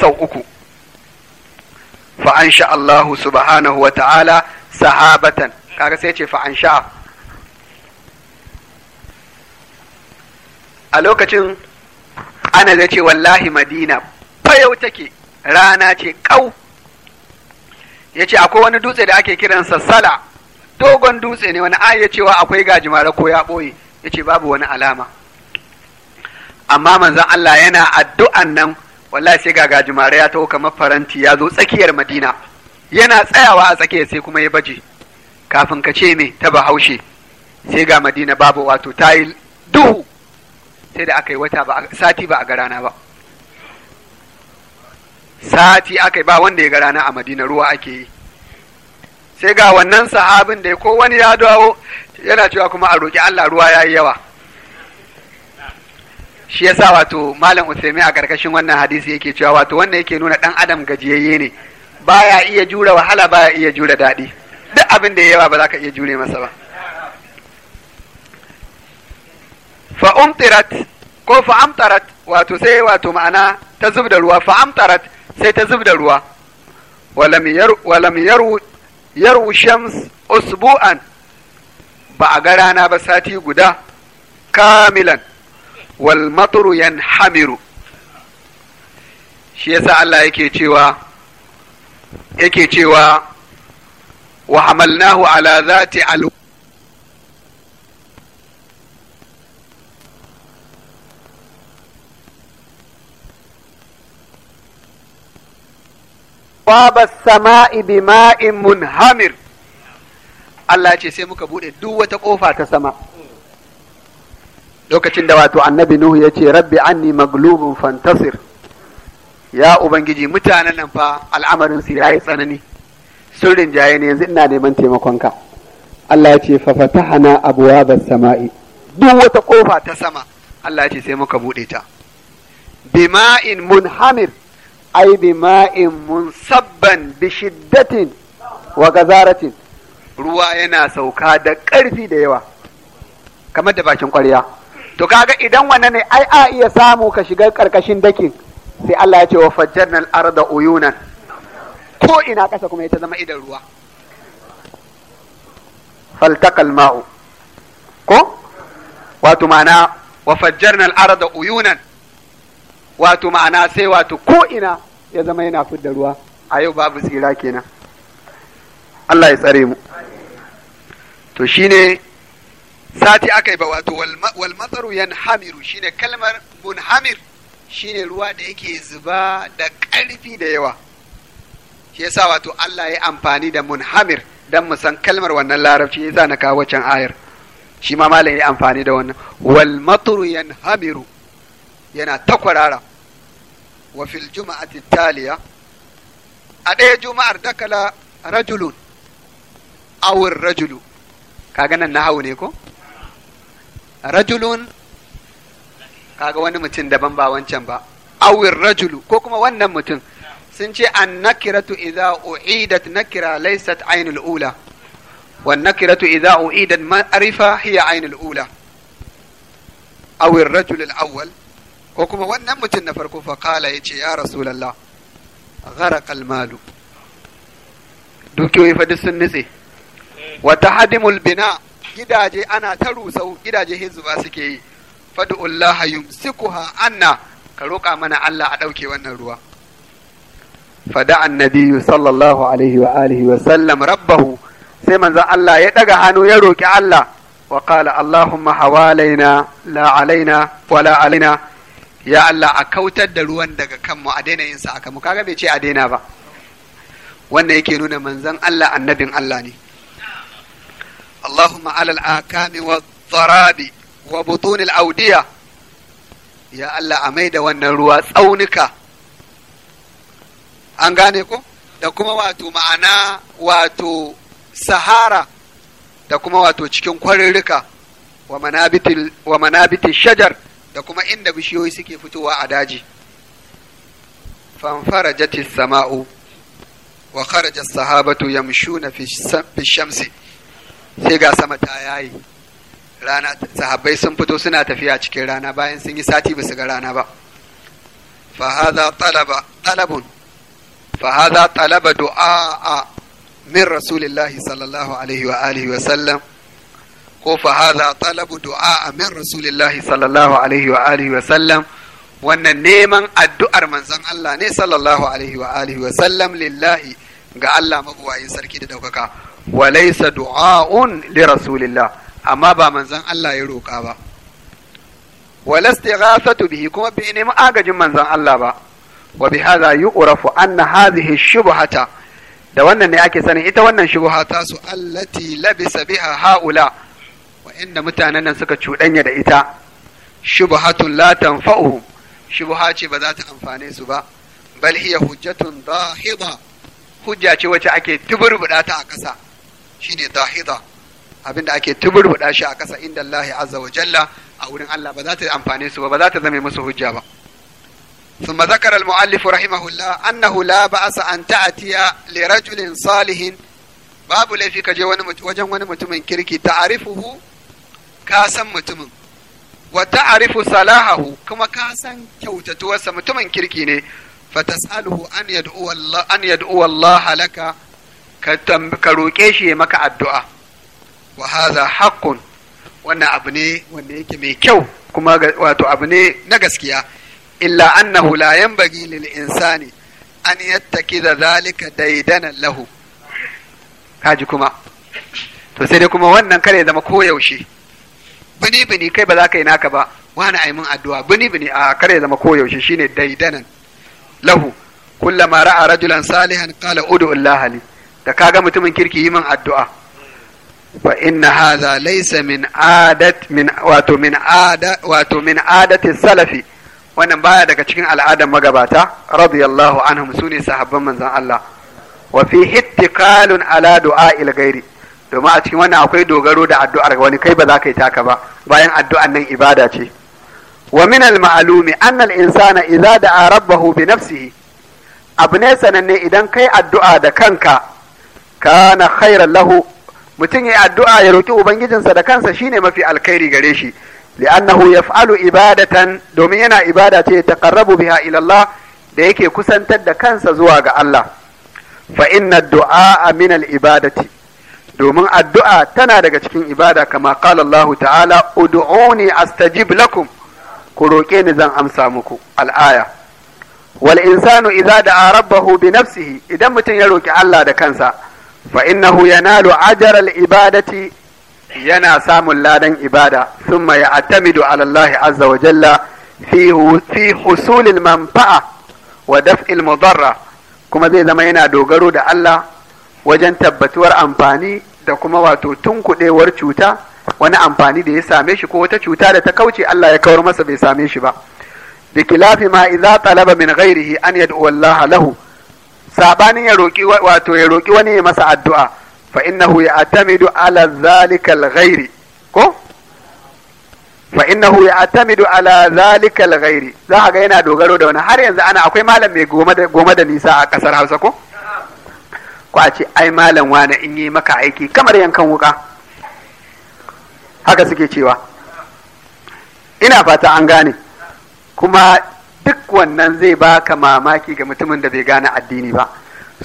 sau uku fa’an Allahu subhanahu wa ta'ala sahabatan kaga sai ce fa’an sha’a a lokacin ana zai ce wallahi madina fayau take rana ce kau ya ce akwai wani dutse da ake kiransa sala dogon dutse ne wani ya cewa akwai gajimare ko ya ɓoye ya ce babu wani alama amma manzon Allah yana addu'an nan wallahi sai ga gajimare ya taho kamar faranti ya zo tsakiyar madina yana tsayawa a tsakiyar sai kuma ya baje kafin ka ce me ta bahaushe sai ga madina babu wato ta yi duhu sai da aka yi wata sati ba a ga ba sati aka yi ba wanda ya ga rana a madina ruwa ake yi sai ga wannan sahabin da ko wani ya dawo yana cewa kuma a roƙi Allah ruwa ya yi yawa shi ya sa wato malam Usaimi a karkashin wannan hadisi yake cewa wato wannan yake nuna dan adam gajiyayye ne baya iya jure wahala baya iya jure daɗi duk abin da yawa ba za ka iya jure masa ba fa umtirat ko fa amtarat wato sai wato ma'ana ta zub da ruwa fa amtarat sai ta zub da ruwa walam yar walam yaru yaru shams usbu'an ba a ga rana ba sati guda kamilan wal matru yanhamiru shi yasa Allah yake cewa yake cewa wa hamalnahu ala باب السماء بماء منهمر Allah ce sai muka buɗe duk wata ƙofa ta sama lokacin da wato annabi nuhu ya ce rabbi anni maglubun fantasir ya ubangiji mutanen nan fa al'amarin su yayi tsanani sun rinjaye ne yanzu ina neman taimakonka Allah ya ce fa fatahana abwabas sama'i duk wata kofa ta sama Allah ya ce sai muka buɗe ta bima'in munhamir ai bima'in munsabban bi shiddatin wa gazaratin ruwa yana sauka da ƙarfi da yawa kamar da bakin ƙwarya to kaga idan wannan ne ai a iya samu ka shiga karkashin dakin sai Allah ya ce wa fajjarna al-arda uyunan ko ina kasa kuma ita zama idan ruwa faltakal ma'u ko wato ma'ana wa fajjarna al-arda uyunan wato ma'ana sai wato ko ina ya zama yana fidda ruwa a yau babu tsira kenan Allah ya tsare mu to shine sati aka yi ba wato wal matsaru shi shine kalmar munhamir shine ruwa da yake zuba da ƙarfi da yawa shi yasa wato Allah ya amfani da munhamir dan mu san kalmar wannan larabci yasa na kawo can ayar shi ma malam ya amfani da wannan wal matru hamiru yana takwarara wa fil juma'ati taliya a ɗaya juma'ar dakala rajulun awur rajulu kaga nan hau ne ko rajulun kaga wani mutum daban ba wancan ba awir rajulu ko kuma wannan mutum sun ce an nakiratu idza u'idat nakira laysat ainul ula wan nakiratu idza u'idat ma'rifa hiya ainul ula awir rajul al-awwal ko kuma wannan mutum na farko fa kala yace ya rasulullah gharaqa al-malu dukiyoyi fa duk sun nitse wa tahdimul bina gidaje ana ta rusau gidaje zuba suke yi fad'ullaha yumsikuha anna ka roƙa mana Allah a ɗauke wannan ruwa fada annabi sallallahu alaihi wa alihi wa sallam rabbahu sai manzo Allah ya daga hannu ya roƙi Allah wa qala allahumma hawalaina la alaina la alaina ya Allah a kautar da ruwan daga kanmu a daina yin sa aka mu kaga bai ce a daina ba wannan yake nuna manzon Allah annabin Allah ne اللهم على الآكام والضراب وبطون الأودية يا الله أميد والنروى tsaunuka. an gane ko da kuma wato ma'ana wato sahara da kuma wato cikin kwarirrika wa manabitin shajar da kuma inda bishiyoyi suke fitowa a daji fanfara jatis sama'u wa kharaja sahabatu yamshuna fi shamsi sai ga sama ta yayi rana sahabbai sun fito suna tafiya cikin rana bayan sun yi sati ba su ga rana ba fa hadha talaba talabun fa hadha talaba du'a min rasulillahi sallallahu alaihi wa alihi wa sallam ko fa hadha talabu du'a min rasulillahi sallallahu alaihi wa alihi wa sallam wannan neman addu'ar manzon Allah ne sallallahu alaihi wa alihi wa sallam lillahi ga Allah mabuwayin sarki da daukaka wa laysa du'a'un li rasulillah amma ba manzan Allah ya roƙa ba wa lastighafatu bihi kuma bai nemi agajin manzon Allah ba wa bi hadha yu'rafu anna hadhihi shubhata da wannan ne ake sanin ita wannan shubha ta su allati labisa haula wa inda mutanen nan suka cuɗanya da ita shubhatun la tanfa'uhum shubha ce ba za ta amfane su ba bal hiya hujjatun dahida hujja ce wacce ake tuburbuɗa ta a ƙasa shine dahida abinda ake tuburbuɗa shi a ƙasa inda Allah azza wa jalla a wurin Allah ba za ta amfane su ba ba za ta zame musu hujja ba ثم ذكر المؤلف رحمه الله أنه لا بأس أن تأتي لرجل صالح باب لفي كجي وجن ونمتم كركي تعرفه كاسا متم وتعرف صلاحه كما كاسا كوتت وسا متم كركي فتسأله أن يدعو الله أن يدعو الله لك ka roƙe shi ya maka addu'a wa haza wannan abu ne wanda yake mai kyau kuma wato abu ne na gaskiya illa annahu la yanbaghi lil insani an da zalika daidanan lahu kaji kuma to sai dai kuma wannan kare zama koyaushe bini bini kai ba za ka yi naka ba wani aimin addu'a bini bini a kare zama koyaushe shine daidanan lahu kullama ra'a rajulan salihan qala ud'u Allah li da ka ga mutumin kirki yi min addu'a ina inna hadha laisa min adat min wato min ada wato min adati salafi wannan baya daga cikin al'adar magabata radiyallahu anhum sune sahabban manzan Allah wa fi ittiqalun ala il ghairi domin a cikin wannan akwai dogaro da addu'ar wani kai ba za ka yi taka ba bayan addu'an nan ibada ce wa min al ma'lumi anna al insana a da'a rabbahu bi nafsihi abu ne sananne idan kai addu'a da kanka kana khairan lahu mutum ya addu'a ya roki ubangijinsa da kansa shine mafi alkhairi gare shi li'annahu yaf'alu ibadatan domin yana ibada ce ta qarrabu biha ila Allah da yake kusantar da kansa zuwa ga Allah fa inna du'a min al-ibadati domin addu'a tana daga cikin ibada kama qala Allah ta'ala ud'uni astajib lakum ku roƙe ni zan amsa muku al'aya wal insanu idza da'a rabbahu bi nafsihi idan mutum ya roki Allah da kansa fa innahu yanalu ajra ibadaci ibadati yana samun ladan ibada thumma ya'tamidu ala Allah azza wa jalla fi fi husul al-manfa'a wa daf'i al kuma zai zama yana dogaro da Allah wajen tabbatuwar amfani da kuma wato tun kuɗewar cuta wani amfani da ya same shi ko wata cuta da ta kauce Allah ya kawar masa bai same shi ba bikilafi ma idza talaba min ghairihi an yad'u Allah lahu sabanin ya roki wato ya roki wani ya masa addu'a fa innahu ya'tamidu ala zalikal ghairi ko fa innahu ya'tamidu ala zalikal ghairi za ka ga yana dogaro da wani har yanzu ana akwai malam mai goma da goma da nisa a kasar Hausa ko ko a ce ai malam wani in yi maka aiki kamar yankan wuka haka suke cewa ina fata an gane kuma duk wannan zai baka mamaki ga mutumin da bai gane addini ba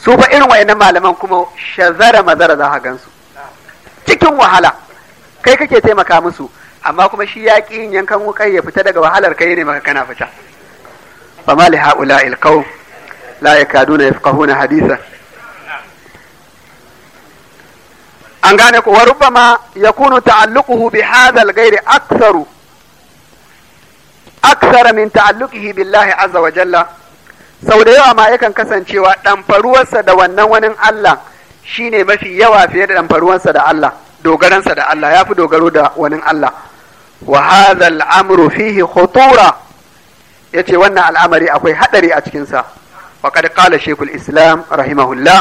su fa irin wayannan malaman kuma shazara mazara za ka gansu cikin wahala kai kake taimaka musu amma kuma shi ya ƙi yankan wukai ya fita daga wahalar kai ne maka kana fita fa mali haula il la yakaduna yafqahuna hadisa. an gane ko wa ya yakunu ta'alluquhu bi hadha al aksara min ta'alluqihi billahi azza wa jalla sau da yawa ma yakan kasancewa ɗamfaruwarsa da wannan wani Allah shine mafi yawa fiye da ɗamfaruwarsa da Allah dogaransa da Allah ya fi dogaro da wani Allah wa hadha al fihi khutura yace wannan al'amari akwai hadari a cikin sa wa qad qala shaykhul islam rahimahullah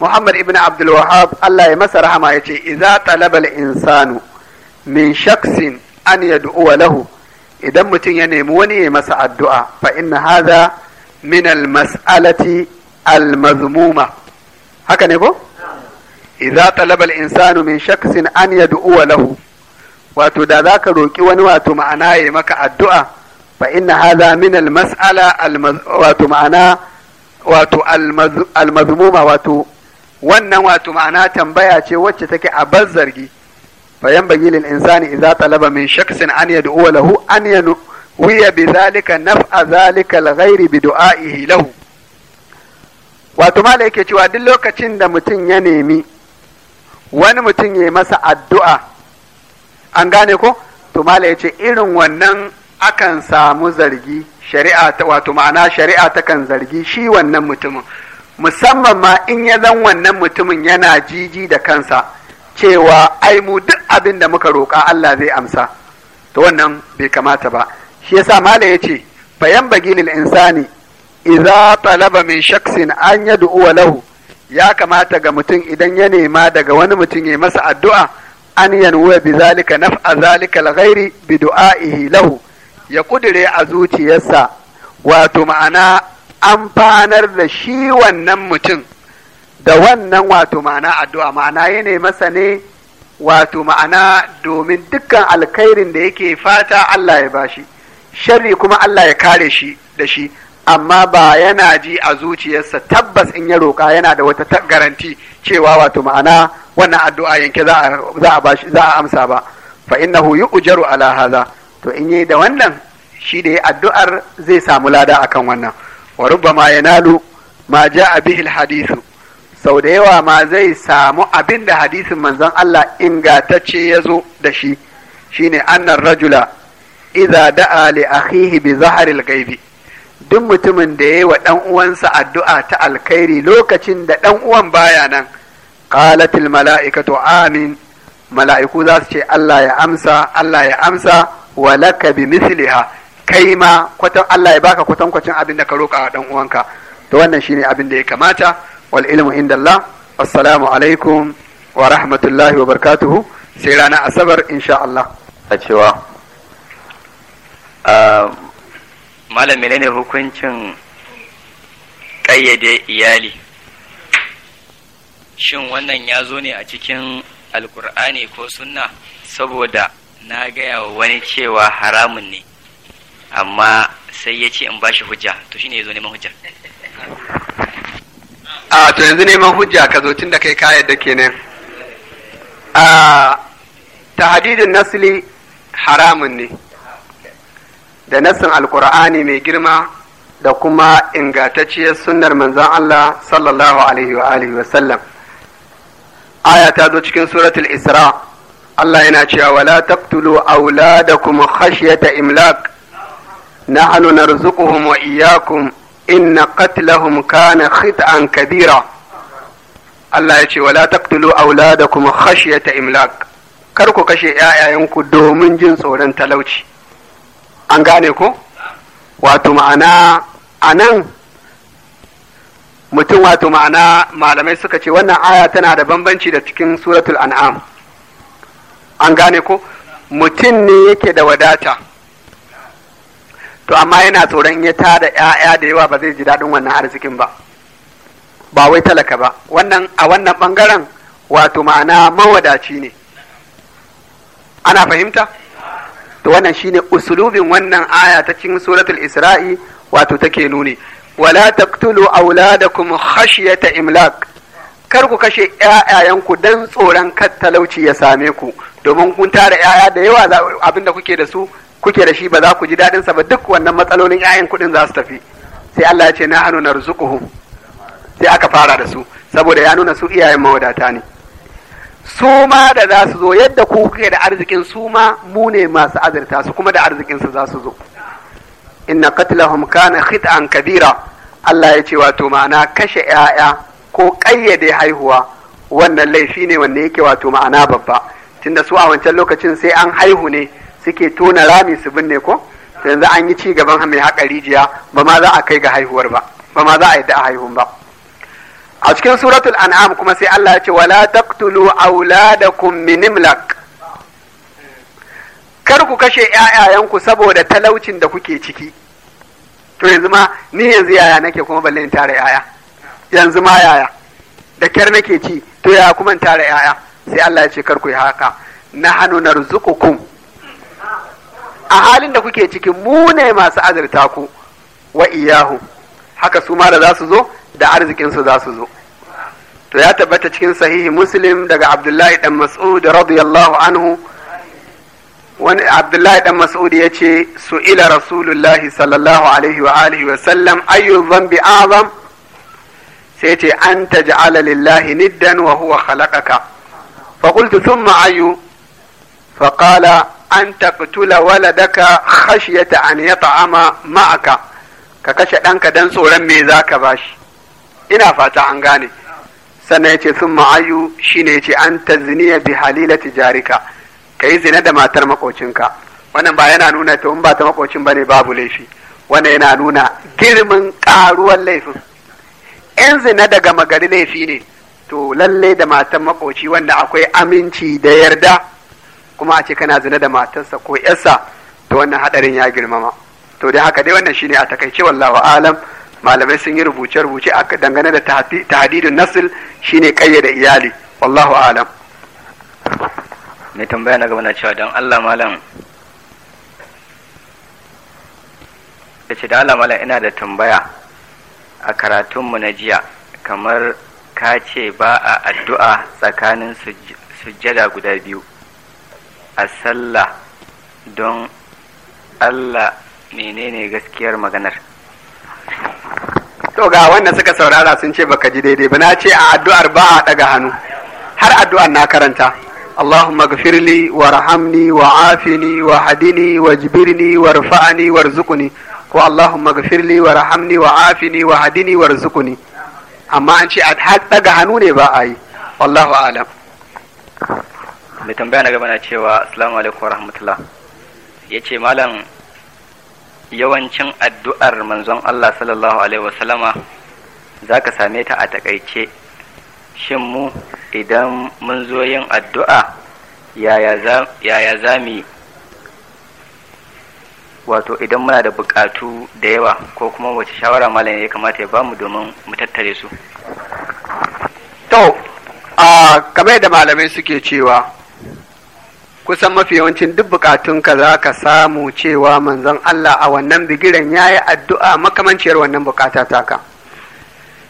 muhammad ibn abdul wahhab Allah ya masa rahama yace idza talaba al-insanu min shakhsin an yad'u lahu idan mutum ya nemi wani ya masa addu'a fa inna haza min almas'alati almazmuma al-mazmuma haka ne ko idza talaba al-insanu min shakhsin an yad'uwa lahu wato da zaka roki wani wato ma'ana ya maka addu'a fa inna hadha min al-mas'ala wato ma'ana wato al-mazmuma wato wannan wato ma'ana tambaya ce wacce take a bazzargi zargi fayan bagi insani idza talaba min shaksin an yad'u lahu an yanwiya bi zalika naf'a zalika al bi du'aihi lahu wato mala yake cewa duk lokacin da mutum ya nemi wani mutum ya masa addu'a an gane ko to mala yace irin wannan akan samu zargi shari'a ta wato ma'ana shari'a takan zargi shi wannan mutumin musamman ma in ya zan wannan mutumin yana jiji da kansa cewa ai mu duk abin da muka roƙa Allah zai amsa to wannan bai kamata ba shi yasa mala ce bayan bagilil insani idza talaba min shaksin an yad'u lahu ya kamata ga mutum idan ya nema daga wani mutum ya masa addu'a an yanwa bi zalika naf'a zalika alghairi bi du'a'ihi lahu ya kudire a zuciyarsa wato ma'ana amfanar da shi wannan mutum da wannan wato ma'ana addu'a ma'ana yana ne masa ne wato ma'ana domin dukkan alkhairin da yake fata Allah ya bashi sharri kuma Allah ya kare shi da shi amma ba yana ji a zuciyarsa tabbas in ya roƙa yana da wata garanti cewa wato ma'ana wannan addu'a yanke za a amsa ba fa innahu yu'jaru ala hadha to in yi da wannan shi da yi addu'ar zai samu lada akan wannan wa rubbama yanalu ma ja'a bihi sau da yawa ma zai samu abin da hadisin manzon Allah ingatacce ya zo da shi shine annar rajula Iza da'a li akhihi bi zaharil gaibi duk mutumin da yayi wa dan uwansa addu'a ta alkhairi lokacin da dan uwan baya nan qalatil mala'ikatu amin mala'iku za su ce Allah ya amsa Allah ya amsa wa laka bi misliha kai ma kwatan Allah ya baka kwatankwacin abin da ka roka dan uwanka to wannan shine abin da ya kamata wal ilmu indallah wa rahmatullahi wa barkatuhu sai rana asabar insha Allah a cewa malam menene hukuncin ƙayyade iyali shin wannan ya zo ne a cikin alkur'ani ko sunna saboda na gaya wa wani cewa haramun ne amma sai ya ce in ba shi hujja to shine ya zo neman hujjar a to yanzu neman hujja ka zo tun da kai da ke kenan a tahdidin nasli haramun ne da nasin alkur'ani mai girma da kuma ingantacciyar sunnar manzon Allah sallallahu alaihi wa alihi wa sallam aya ta zo cikin suratul isra Allah yana cewa wala taqtulu kuma khashyata imlak nahnu narzuquhum wa iyyakum inna qatlahum kana khit'an kabira Allah ya ce wala taqtulu auladakum khashyata imlak kar ku kashe ‘ya'yayenku domin jin tsoron talauci, an gane ko? Wato ma'ana a nan mutum wato ma'ana malamai suka ce wannan aya tana da bambanci da cikin suratul an'am, an gane ko? Mutum ne yake da wadata, to amma yana tsoron ya tada ‘ya'ya da yawa ba zai ji daɗin wannan arzikin ba ba wai talaka ba wannan a wannan ɓangaren wato ma'ana mawadaci ne ana fahimta to wannan shine usulubin wannan aya ta cikin suratul isra'i wato take nuni wala taqtulu auladakum khashyata imlak kar ku kashe ƴaƴayenku dan tsoron kar ya same ku domin kun tara ƴaƴa da yawa abinda kuke da su kuke da shi ba za ku ji daɗin sa ba duk wannan matsalolin ƴaƴan kuɗin za su tafi sai Allah ya ce na hanu na sai aka fara da su saboda ya nuna su iyayen mawadata ne su ma da za su zo yadda ku kuke da arzikin su ma mu ne masu azurta su kuma da arzikin su za su zo inna qatlahum kana an kabira Allah ya ce wato ma'ana kashe ƴaƴa ko ƙayyade haihuwa wannan laifi ne wanda yake wato ma'ana babba tunda su a wancan lokacin sai an haihu ne suke tona rami su binne ko yanzu an yi ci gaban mai haƙa rijiya ba ma za a kai ga haihuwar ba ba ma za a yi a haihun ba a cikin suratul an'am kuma sai Allah ya ce wala taqtulu auladakum min imlak kar ku kashe ƴaƴayenku saboda talaucin da kuke ciki to yanzu ma ni yanzu yaya nake kuma balle in tara yaya yanzu ma yaya da kyar nake ci to yaya kuma in tara yaya sai Allah ya ce kar ku yi haka nahnu narzuqukum a halin da kuke cikin mu ne masu azurta ku wa iyahu haka su ma da za su zo da arzikinsu za su zo to ya tabbata cikin sahihi muslim daga abdullahi dan mas'ud radiyallahu anhu wani abdullahi dan mas'ud ya ce su ila rasulullahi sallallahu alaihi wa alihi wa sallam ayyu dhanbi azam sai ce an taj'ala lillahi niddan wa huwa khalaqaka fa qultu thumma ayyu fa qala an taqtula waladaka khashyata an yata'ama ma'aka ka kashe ɗanka dan tsoron me zaka bashi ina fata an gane sannan yace sun ma'ayu shine yace an tazniya bi halilati Ka kai zina da matar makocinka wannan ba yana nuna ta ba ta makocin bane babu laifi wannan yana nuna girman karuwar laifin in zina daga magari laifi ne to lalle da matar makoci wanda akwai aminci da yarda kuma a ce kana zina da matarsa ko yarsa to wannan hadarin ya girmama to dai haka dai wannan shine a takaice wallahu alam malamai sun yi rubuce rubuce aka dangane da tahdidun nasl shine kayyade iyali wallahu alam mai tambaya na gaba na cewa don Allah malam ya ce da Allah malam ina da tambaya a karatunmu na jiya kamar ka ce ba a addu'a tsakanin sujjada guda biyu a sallah don allah menene gaskiyar maganar to ga wannan suka saurara sun ce baka ji daidai ba na ce a addu'ar ba a daga hannu har addu'ar na karanta afini wa hadini wa وعافني wa واجبرني وارفعني وارزقني ko Allahumma gafir li wa rahamni wa afini wa hadini wa rizquni amma an ce a daga hannu ne ba a yi wallahu alam mai tambaya na gaba na cewa assalamu alaikum rahmatullah ya ce malam yawancin addu'ar manzon Allah sallallahu alaihi wasallama za ka same ta a takaice shin mu idan mun zo yin addu'a yaya za mu wato idan muna da bukatu da yawa ko kuma wace shawara malam ya kamata ya ba mu domin mu tattare su to a kamar da malamai suke cewa kusan mafi yawancin duk bukatunka za ka samu cewa manzon Allah a wannan bigiren ya yi addu'a makamanciyar wannan bukata taka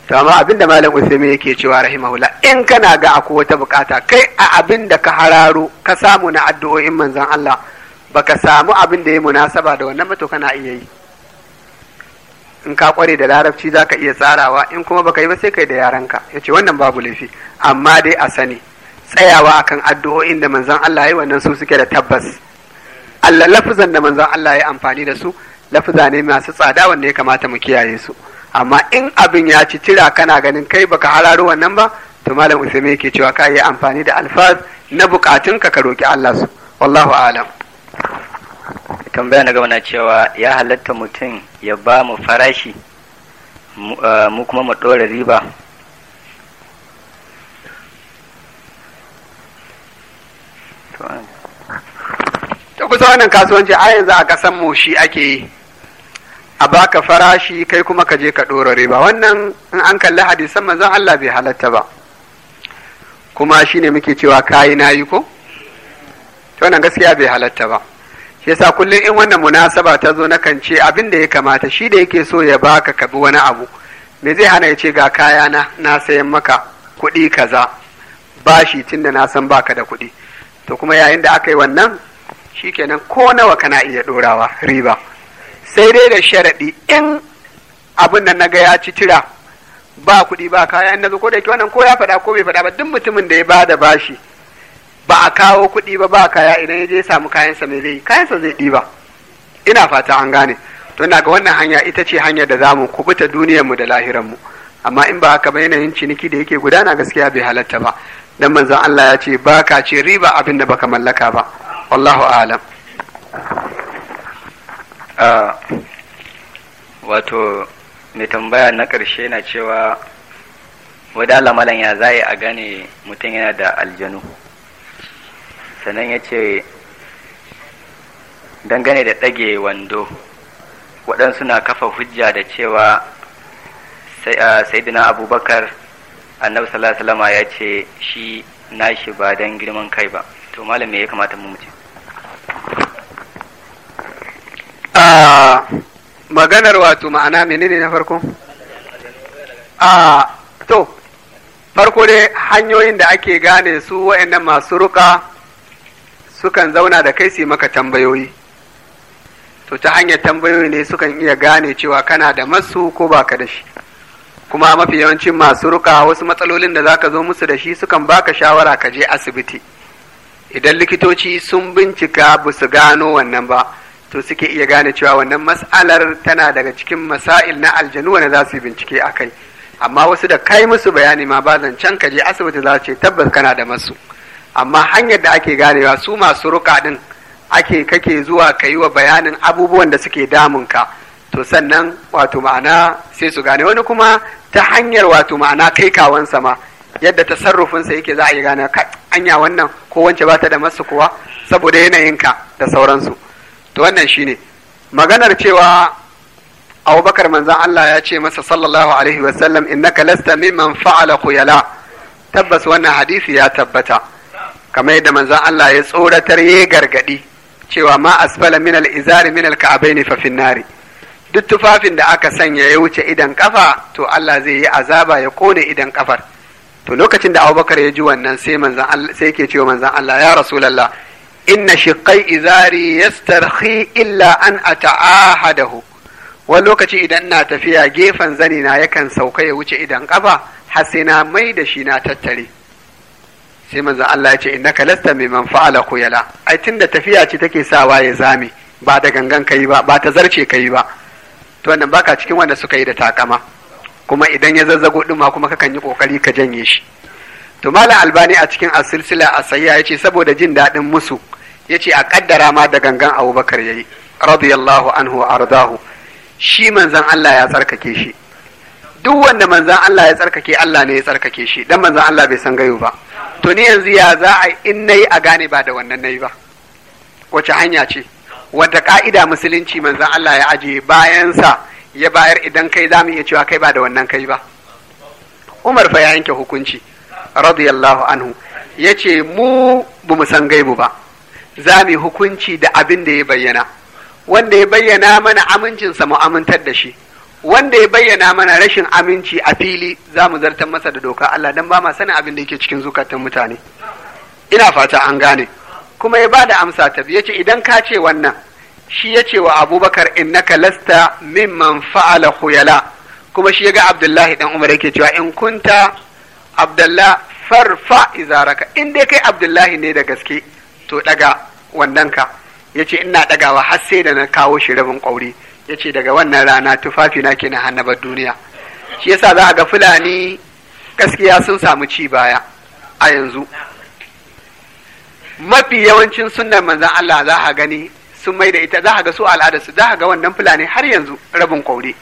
to amma abin da malam usaimi yake cewa rahimahula in kana ga akwai wata bukata kai a abin da ka hararo ka samu na addu'o'in manzon Allah baka samu abin da ya munasaba da wannan mato kana iya yi in ka kware da larabci za ka iya tsarawa in kuma baka yi ba sai kai da yaranka ya ce wannan babu laifi amma dai a sani tsayawa kan addu'o'in da manzon Allah ya wannan su suke da tabbas Allah lafazan da manzon Allah ya amfani da su lafaza ne masu tsada wanda ya kamata mu kiyaye su amma in abin ya ci tira kana ganin kai baka hararo wannan ba to malam usaimi yake cewa ka yi amfani da alfaz na bukatun ka ka roki Allah su wallahu alam tambaya na gaba cewa ya halatta mutum ya ba mu farashi mu eh, kuma mu ɗora riba ta kusa wannan kasuwanci a yanzu a kasan mu shi ake yi a baka farashi kai kuma ka je ka ɗora riba wannan in an kalli hadisan manzon Allah bai halatta ba kuma shine muke cewa kayi na yi ko ta wannan gaskiya bai halatta ba shi yasa kullum in wannan munasaba ta zo nakan ce abin da ya kamata shi da yake so ya baka ka bi wani abu me zai hana ya ce ga kaya na na sayan maka kuɗi kaza bashi tunda na san baka da kuɗi to kuma yayin da aka yi wannan shikenan ko nawa kana iya ɗorawa riba sai dai da sharaɗi in abin nan na ga ya ci tira ba kuɗi ba kaya na ko da yake wannan ko ya faɗa ko bai faɗa ba duk mutumin da ya ba da bashi ba a kawo kuɗi ba ba kaya idan ya je samu kayansa mai zai kayansa zai ɗiba ina fata an gane to ina ga wannan hanya ita ce hanyar da zamu kubuta duniyarmu da lahiranmu amma in ba haka ba yanayin ciniki da yake gudana gaskiya bai halatta ba dan manzon Allah ya ce ba ka ce riba abin da baka mallaka ba wallahu alam ah, wato mai tambaya na ƙarshe na cewa wadda lamalan ya zai a gane mutum yana da aljanu sannan ya ce dangane da ɗage wando waɗansu na kafa hujja da cewa sai ah, abubakar annabi sallallahu alaihi ya ce shi nashi ba dan girman kai ba to malam me ya kamata mu ce a ah, maganar wato ma'ana menene na farko a ah, to farko dai hanyoyin da ake gane su wa'annan masu ruka sukan zauna da kai su maka tambayoyi to ta hanyar tambayoyi ne sukan iya gane cewa kana da masu ko baka da shi kuma mafi yawancin masu ruka wasu matsalolin da za ka zo musu da shi sukan baka shawara ka je asibiti idan likitoci sun bincika ba su gano wannan ba to suke iya gane cewa wannan mas'alar tana daga cikin masail na aljanu wanda za su bincike a kai amma wasu da kai musu bayani ma ba zancen ka je asibiti za ce tabbas kana da masu amma hanyar da ake ganewa su masu ruka din ake kake zuwa ka yi wa bayanin abubuwan da suke damunka to sannan wato ma'ana sai su gane wani kuma ta hanyar wato ma'ana kai kawansa ma yadda tasarrufinsa yake za a yi gane anya wannan ko wance ba ta da masu kuwa saboda yanayinka da sauransu to wannan shine maganar cewa abubakar manzan Allah ya ce masa sallallahu alaihi wasallam innaka lasta mimman fa'ala khuyala tabbas wannan hadisi ya tabbata kamar yadda manzan Allah ya tsoratar ya gargadi cewa ma asfala min al-izari min al ne fa finnari duk tufafin da aka sanya ya wuce idan kafa to Allah zai yi azaba ya kone idan kafar to lokacin da Abubakar ya ji wannan sai manzon Allah sai yake cewa manzon Allah ya Rasulullah inna shiqqai izari yastarhi illa an ata'ahadahu wani lokaci idan na tafiya gefen zani na yakan sauka ya wuce idan kafa har sai na mai da shi na tattare sai manzon Allah ya ce innaka lasta mai fa'ala kuyala ai tunda tafiya ce take sawa ya zame ba da gangan kai ba ba ta zarce kai ba to wannan baka cikin wanda suka yi da takama kuma idan ya zazzago din ma kuma kakan yi kokari ka janye shi to malam albani a cikin asilsila a sayya yace saboda jin daɗin musu yace a kaddara ma da gangan abubakar yayi radiyallahu anhu ardahu shi manzan Allah ya tsarkake shi duk wanda manzan Allah ya tsarkake Allah ne ya tsarkake shi dan manzon Allah bai san gayu ba to ni yanzu ya za a in nayi a gane ba da wannan nayi ba wace hanya ce wadda ka'ida musulunci manzon Allah ya ajiye bayansa ya bayar idan kai za mu iya cewa kai ba da wannan kai ba umar fa ya yanke hukunci radiyallahu anhu ya ce mu ba mu san gaibu ba za mu hukunci da abin da ya bayyana wanda ya bayyana mana amincinsa mu amintar da shi wanda ya bayyana mana rashin aminci a fili za mu zartar masa da doka Allah don ba ma sanin abin da yake cikin zukatan mutane ina fata an gane kuma ya bada amsa ta biyu yace idan ka ce wannan shi ya ce wa abubakar innaka lasta mimman fa'ala huyala kuma shi ya ga abdullahi dan umar yake cewa in kunta abdullah farfa izaraka in dai kai abdullahi ne da gaske to daga wannan ka. ya ce ina dagawa har sai da na kawo shi rabin kwauri ya ce daga wannan rana tufafi na kenan hannabar duniya shi yasa za a ga fulani gaskiya sun samu ci baya a yanzu mafi yawancin sunan manzan Allah za a gani sun mai da ita za a ga su al'adarsu za a ga wannan fulani har yanzu rabin kwaure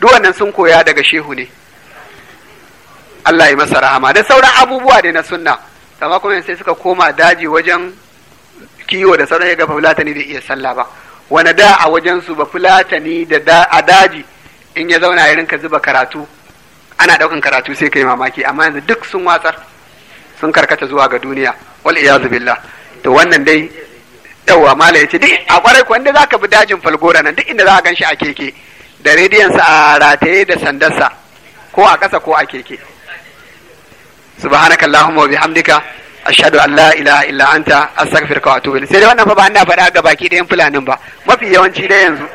duk wannan sun koya daga shehu ne Allah ya masa rahama da sauran abubuwa da na sunna amma kuma sai suka koma daji wajen kiwo da sauran ga fulatani da iya sallah ba wani da a wajen su ba fulatani da a daji in ya zauna ya rinka zuba karatu ana daukan karatu sai kai mamaki amma yanzu duk sun watsar sun karkata zuwa ga duniya wal iyazu billah to wannan dai yawa mala ya ce duk a kwarai ko inda zaka bi dajin falgora nan duk inda za a ganshi a keke da rediyansa a rataye da sandarsa ko a ƙasa ko a keke allahumma wa bihamdika ashhadu an la ilaha illa anta astaghfiruka wa atubu ilayk sai dai wannan fa ba ana faɗa ga baki da yan fulanin ba mafi yawanci da yanzu